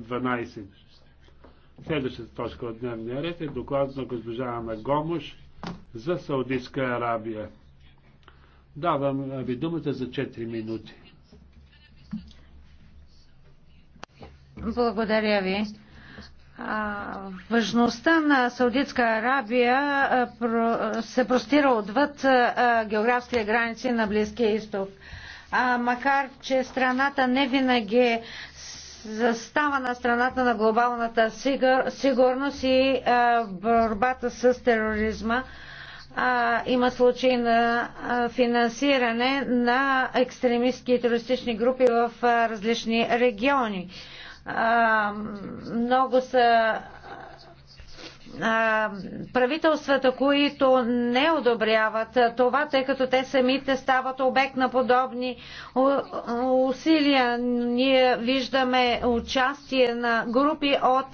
12. Следващата точка от дневния ред е доклад на госпожа Ана Гомуш за Саудитска Арабия. Давам ви думата за 4 минути. Благодаря ви. Важността на Саудитска Арабия се простира отвъд географските граници на Близкия изток. А, макар, че страната не винаги застава на страната на глобалната сигурност и борбата с тероризма. Има случаи на финансиране на екстремистски и терористични групи в различни региони. Много са правителствата, които не одобряват това, тъй като те самите стават обект на подобни усилия. Ние виждаме участие на групи от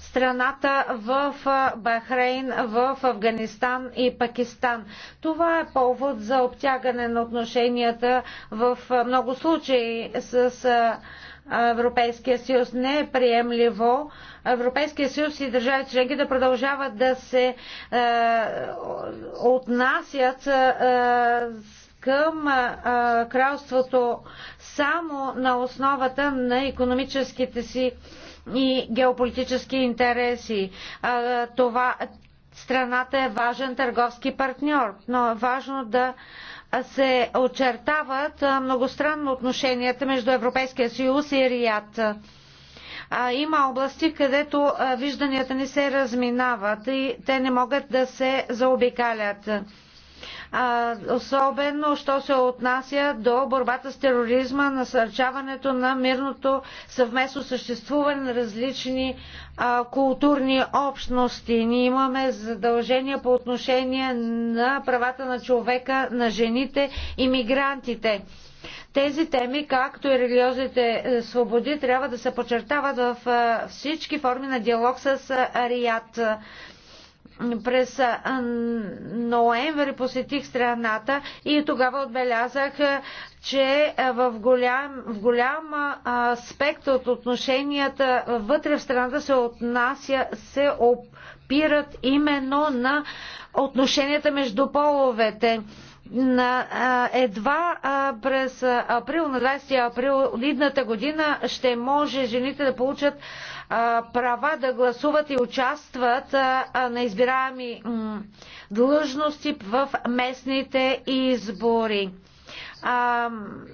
страната в Бахрейн, в Афганистан и Пакистан. Това е повод за обтягане на отношенията в много случаи с Европейския съюз. Не е приемливо Европейския съюз и държави членки да продължават да се е, отнасят е, към е, кралството само на основата на економическите си и геополитически интереси. Е, това, страната е важен търговски партньор, но е важно да се очертават многостранно отношенията между Европейския съюз и Рият. Има области, където вижданията ни се разминават и те не могат да се заобикалят особено що се отнася до борбата с тероризма, насърчаването на мирното съвместно съществуване на различни културни общности. Ние имаме задължения по отношение на правата на човека, на жените и мигрантите. Тези теми, както и религиозните е, свободи, трябва да се подчертават в е, всички форми на диалог с е, Арият. През ноември посетих страната и тогава отбелязах, че в голям, в голям аспект от отношенията вътре в страната се отнася, се опират именно на отношенията между половете на, едва през април, на 20 април лидната година ще може жените да получат права да гласуват и участват на избираеми длъжности в местните избори.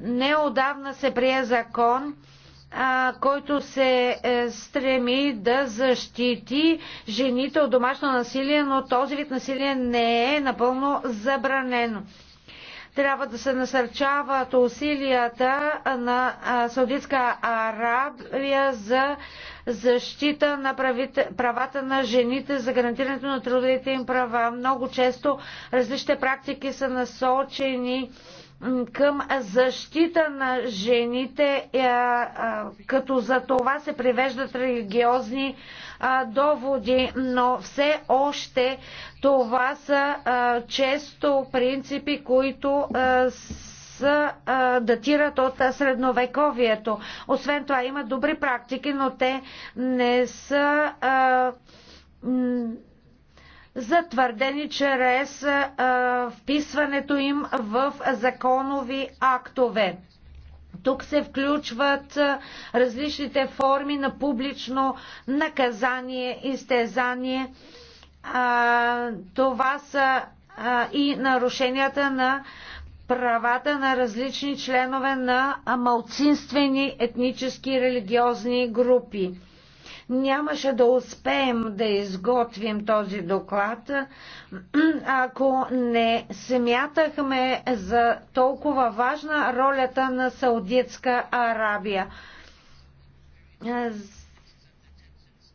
Неодавна се прие закон, а, който се е, стреми да защити жените от домашно насилие, но този вид насилие не е напълно забранено. Трябва да се насърчават усилията на Саудитска Арабия за защита на правите, правата на жените, за гарантирането на трудовите им права. Много често различните практики са насочени към защита на жените, е, като за това се привеждат религиозни доводи, но все още това са често принципи, които са, датират от средновековието. Освен това има добри практики, но те не са затвърдени чрез вписването им в законови актове. Тук се включват различните форми на публично наказание, изтезание. Това са и нарушенията на правата на различни членове на малцинствени етнически и религиозни групи нямаше да успеем да изготвим този доклад, ако не смятахме за толкова важна ролята на Саудитска Арабия.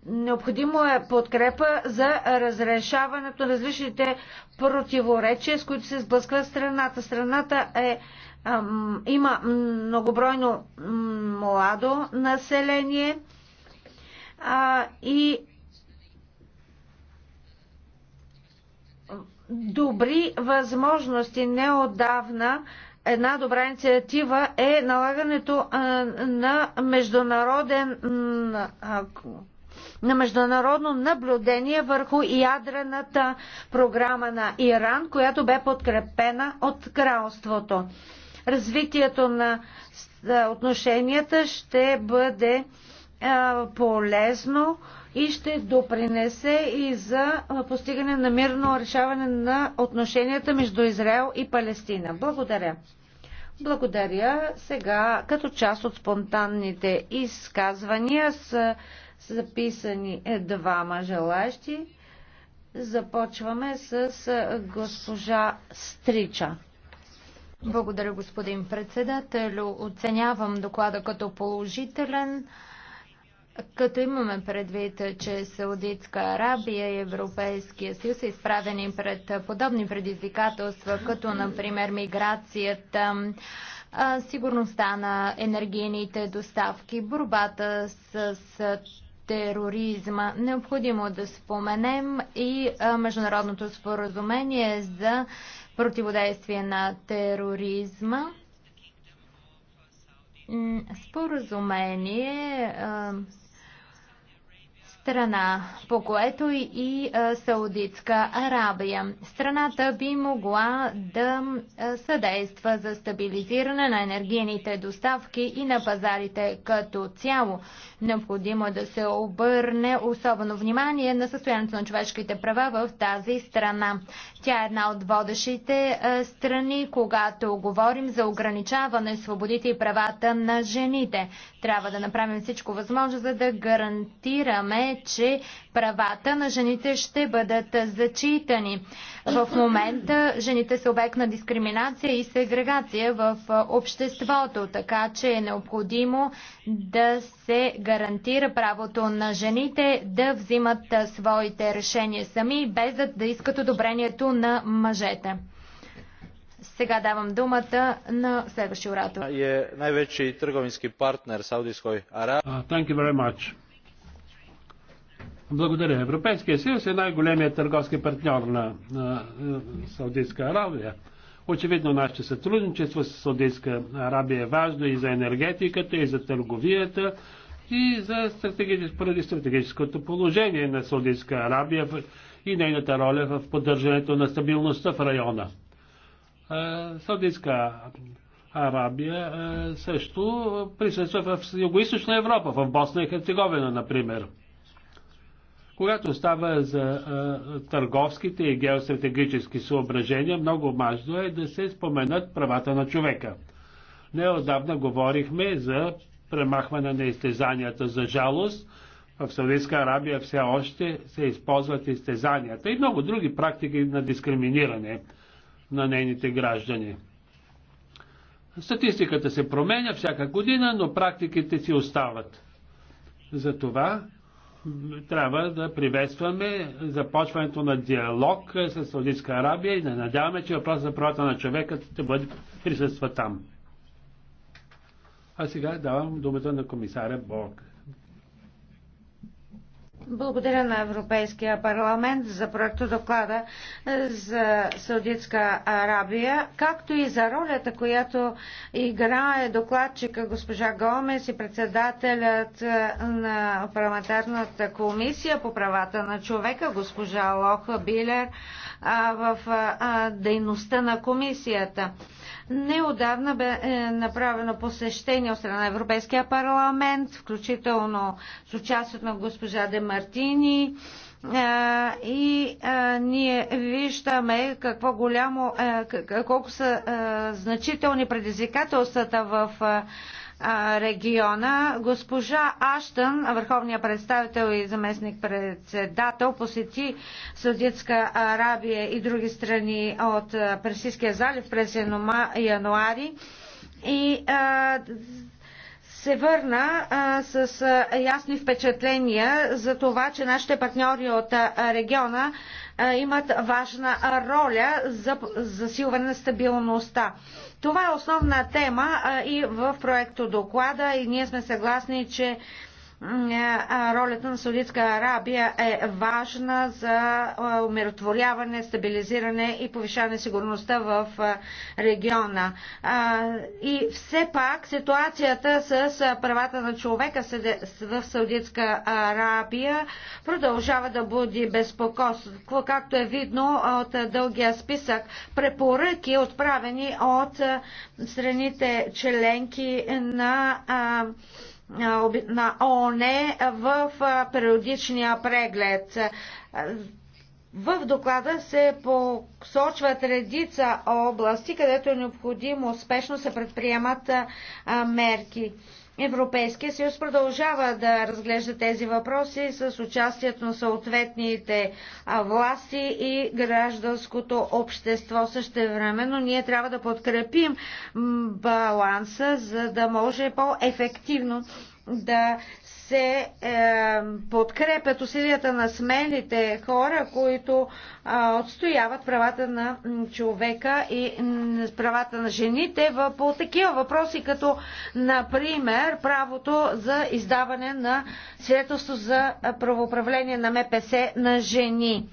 Необходимо е подкрепа за разрешаването на различните противоречия, с които се сблъсква страната. Страната е, ам, има многобройно младо население а, и добри възможности. Неодавна една добра инициатива е налагането а, на международен а, на международно наблюдение върху ядрената програма на Иран, която бе подкрепена от кралството. Развитието на отношенията ще бъде а, е, полезно и ще допринесе и за е, постигане на мирно решаване на отношенията между Израел и Палестина. Благодаря. Благодаря. Сега, като част от спонтанните изказвания, са записани е, двама желащи, Започваме с госпожа Стрича. Благодаря, господин председател. Оценявам доклада като положителен. Като имаме предвид, че Саудитска Арабия и Европейския съюз са изправени пред подобни предизвикателства, като например миграцията, сигурността на енергийните доставки, борбата с, с тероризма. Необходимо е да споменем и Международното споразумение за противодействие на тероризма. Споразумение страна, по което и, и Саудитска Арабия. Страната би могла да съдейства за стабилизиране на енергийните доставки и на пазарите като цяло. Необходимо е да се обърне особено внимание на състоянието на човешките права в тази страна. Тя е една от водещите страни, когато говорим за ограничаване свободите и правата на жените. Трябва да направим всичко възможно, за да гарантираме, че правата на жените ще бъдат зачитани. В момента жените са обект на дискриминация и сегрегация в обществото, така че е необходимо да се гарантира правото на жените да взимат своите решения сами, без да, искат одобрението на мъжете. Сега давам думата на следващия оратор. Е най-вече и търговински партнер Саудитской Арабия. Благодаря. Европейския съюз е най-големият търговски партньор на, на, на е, Саудитска Арабия. Очевидно нашето сътрудничество с Саудитска Арабия е важно и за енергетиката, и за търговията, и за стратегичес, поради стратегическото положение на Саудитска Арабия и нейната роля в поддържането на стабилността в района. Е, Саудитска Арабия е, също присъства в Юго-Источна Европа, в Босна и Херцеговина, например. Когато става за а, търговските и геостратегически съображения, много важно е да се споменат правата на човека. Неодавна говорихме за премахване на изтезанията за жалост. В Саудитска Арабия все още се използват изтезанията и много други практики на дискриминиране на нейните граждани. Статистиката се променя всяка година, но практиките си остават. Затова трябва да приветстваме започването на диалог е, с Саудитска Арабия и да надяваме, че въпросът за правата на човека ще бъде присъства там. А сега давам думата на комисаря Бог. Благодаря на Европейския парламент за проекто доклада е, за Саудитска Арабия, както и за ролята, която играе докладчика госпожа Гомес и председателят е, на парламентарната комисия по правата на човека госпожа Лоха Билер е, в дейността на комисията. Неодавна бе направено посещение от страна на Европейския парламент, включително с участието на госпожа Демар Мартини. А, и а, ние виждаме какво голямо, а, колко са а, значителни предизвикателствата в а, региона. Госпожа Аштън, върховният представител и заместник председател, посети Саудитска Арабия и други страни от Персийския залив през януари. И а, се върна а, с а, ясни впечатления за това, че нашите партньори от а, региона а, имат важна роля за засилване на стабилността. Това е основна тема а, и в проекто доклада и ние сме съгласни, че ролята на Саудитска Арабия е важна за умиротворяване, стабилизиране и повишаване сигурността в региона. И все пак ситуацията с правата на човека в Саудитска Арабия продължава да буди безпокойство, както е видно от дългия списък препоръки, отправени от страните членки на на ООН в периодичния преглед. В доклада се посочват редица области, където е необходимо успешно се предприемат мерки. Европейския съюз продължава да разглежда тези въпроси с участието на съответните власти и гражданското общество. Същевременно ние трябва да подкрепим баланса, за да може по-ефективно да се е, подкрепят усилията на смелите хора, които е, отстояват правата на човека и правата на жените в, по такива въпроси, като например правото за издаване на свидетелство за правоуправление на МПС на жени.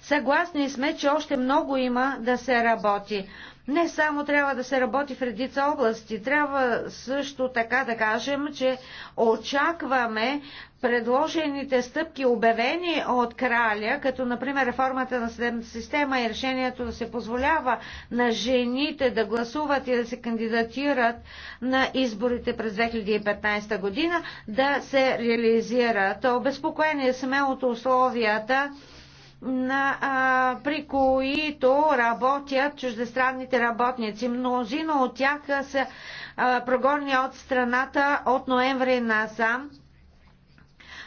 Съгласни сме, че още много има да се работи. Не само трябва да се работи в редица области, трябва също така да кажем, че очакваме предложените стъпки, обявени от краля, като например реформата на съдебната система и решението да се позволява на жените да гласуват и да се кандидатират на изборите през 2015 година, да се реализират. Обезпокоени сме от условията на, а, при които работят чуждестранните работници. Мнозина от тях са а, прогонени от страната от ноември насам.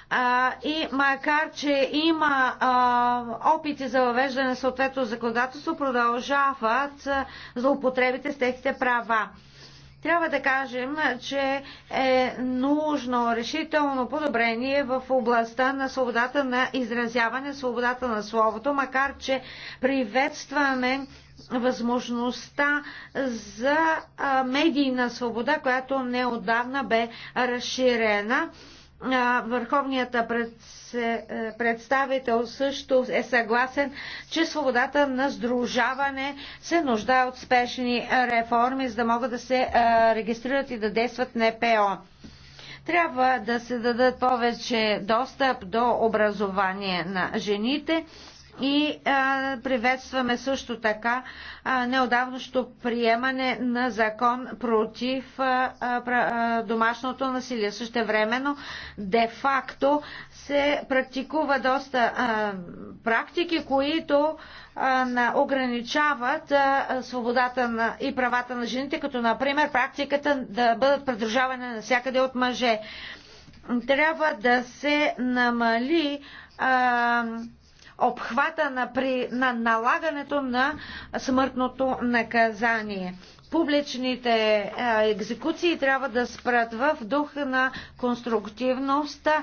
А, и макар, че има а, опити за въвеждане на съответно законодателство, продължават злоупотребите с техните права. Трябва да кажем, че е нужно решително подобрение в областта на свободата на изразяване, свободата на словото, макар че приветстваме възможността за медийна свобода, която неодавна бе разширена Върховният представител също е съгласен, че свободата на сдружаване се нуждае от спешни реформи, за да могат да се регистрират и да действат НПО. Трябва да се дадат повече достъп до образование на жените и а, е, приветстваме също така е, неодавнощо приемане на закон против е, а, а, домашното насилие. Също времено, де-факто, се практикува доста а, практики, които на, ограничават а, свободата на, и правата на жените, като например практиката да бъдат придружавани навсякъде от мъже. Трябва да се намали а, обхвата на, при, на налагането на смъртното наказание. Публичните екзекуции трябва да спрат в дух на конструктивността,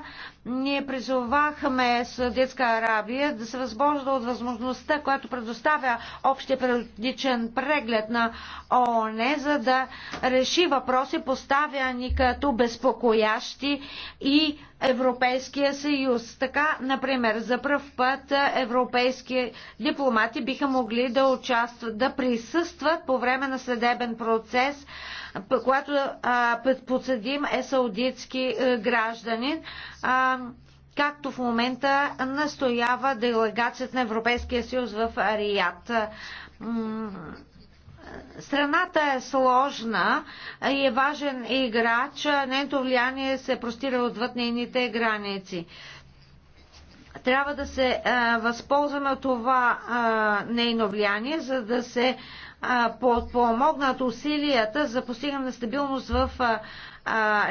ние призовахме Съдетска Арабия да се възможда от възможността, която предоставя общия периодичен преглед на ООН, за да реши въпроси поставяни като безпокоящи и Европейския съюз. Така, например, за пръв път европейски дипломати биха могли да участват, да присъстват по време на съдебен процес когато подсъдим е саудитски е, гражданин, както в момента настоява делегацията на Европейския съюз в Арият. Страната е сложна и е важен играч. Нейното влияние се простира отвъд нейните граници трябва да се а, възползваме от това нейно влияние, за да се подпомогнат усилията за постигане на стабилност в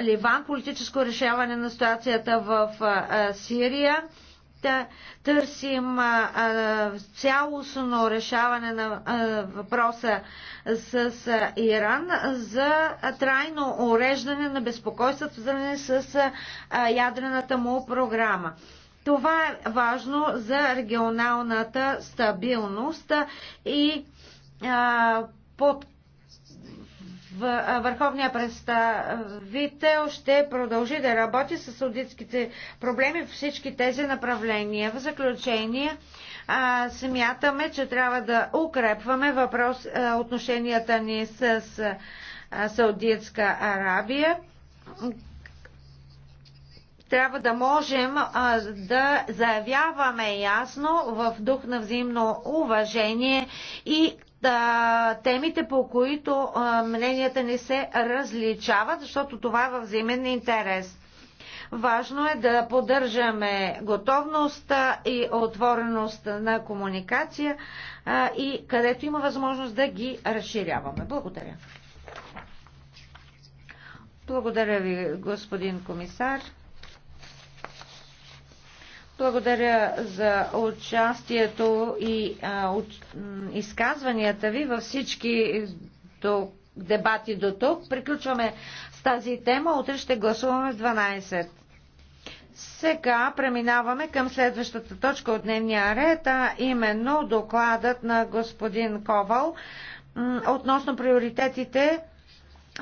Ливан, политическо решаване на ситуацията в Сирия. Да търсим цялостно решаване на въпроса с Иран за трайно уреждане на безпокойствата, свързани с ядрената му програма. Това е важно за регионалната стабилност и под върховния представител ще продължи да работи с аудитските проблеми в всички тези направления. В заключение, а, смятаме, че трябва да укрепваме въпрос, а, отношенията ни с а, Саудитска Арабия. Трябва да можем а, да заявяваме ясно в дух на взаимно уважение и а, темите, по които а, мненията не се различават, защото това е във взаимен интерес. Важно е да поддържаме готовността и отвореност на комуникация а, и където има възможност да ги разширяваме. Благодаря. Благодаря ви, господин комисар. Благодаря за участието и а, уч... изказванията ви във всички до... дебати до тук. Приключваме с тази тема. Утре ще гласуваме в 12. Сега преминаваме към следващата точка от дневния ред, а именно докладът на господин Ковал относно приоритетите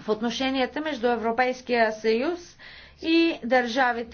в отношенията между Европейския съюз и държавите